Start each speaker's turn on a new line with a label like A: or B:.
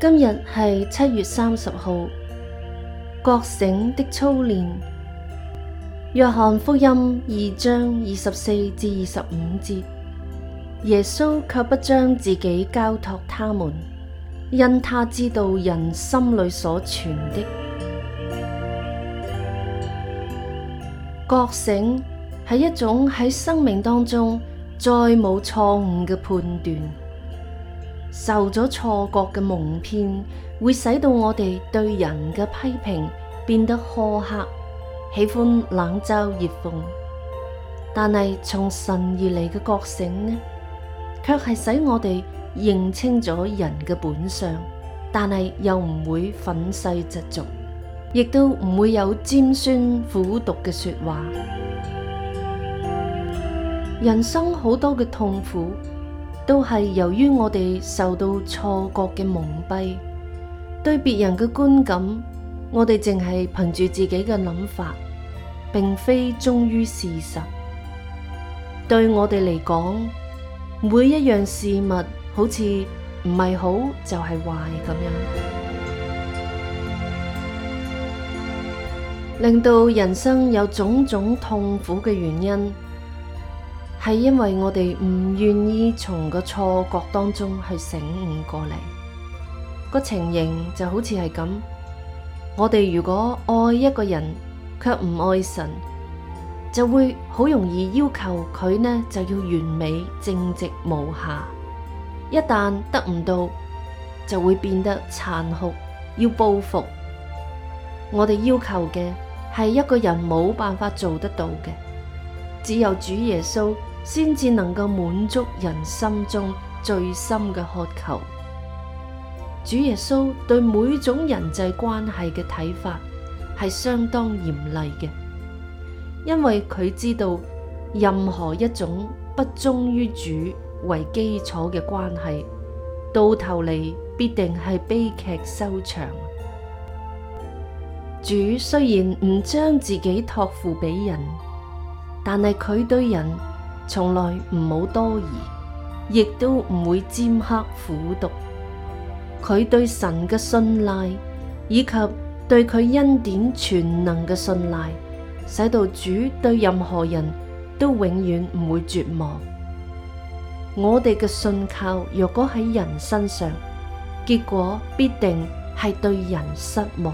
A: 今日係七月三十號，覺醒的操練。約翰福音二章二十四至二十五節，耶穌卻不將自己交託他們，因他知道人心裏所存的。覺醒係一種喺生命當中再冇錯誤嘅判斷。受咗錯覺嘅蒙騙，會使到我哋對人嘅批評變得苛刻，喜歡冷嘲熱諷。但係從神而嚟嘅覺醒呢，卻係使我哋認清咗人嘅本相，但係又唔會憤世嫉俗，亦都唔會有尖酸苦毒嘅說話。人生好多嘅痛苦。都係由於我哋受到錯覺嘅蒙蔽，對別人嘅觀感，我哋淨係憑住自己嘅諗法，並非忠於事實。對我哋嚟講，每一樣事物好似唔係好，就係壞咁樣，令到人生有種種痛苦嘅原因。係因為我哋唔願意從個錯覺當中去醒悟過嚟，個情形就好似係咁。我哋如果愛一個人卻唔愛神，就會好容易要求佢呢就要完美、正直、無瑕。一旦得唔到，就會變得殘酷，要報復。我哋要求嘅係一個人冇辦法做得到嘅，只有主耶穌，先至能夠滿足人心中最深嘅渴求。主耶穌對每種人際關係嘅睇法係相當嚴厲嘅，因為佢知道任何一種不忠於主為基礎嘅關係，到頭嚟必定係悲劇收場。主雖然唔將自己託付俾人，但係佢對人。從來唔好多疑，亦都唔會尖刻苦毒。佢對神嘅信賴，以及對佢恩典全能嘅信賴，使到主對任何人都永遠唔會絕望。我哋嘅信靠若果喺人身上，結果必定係對人失望。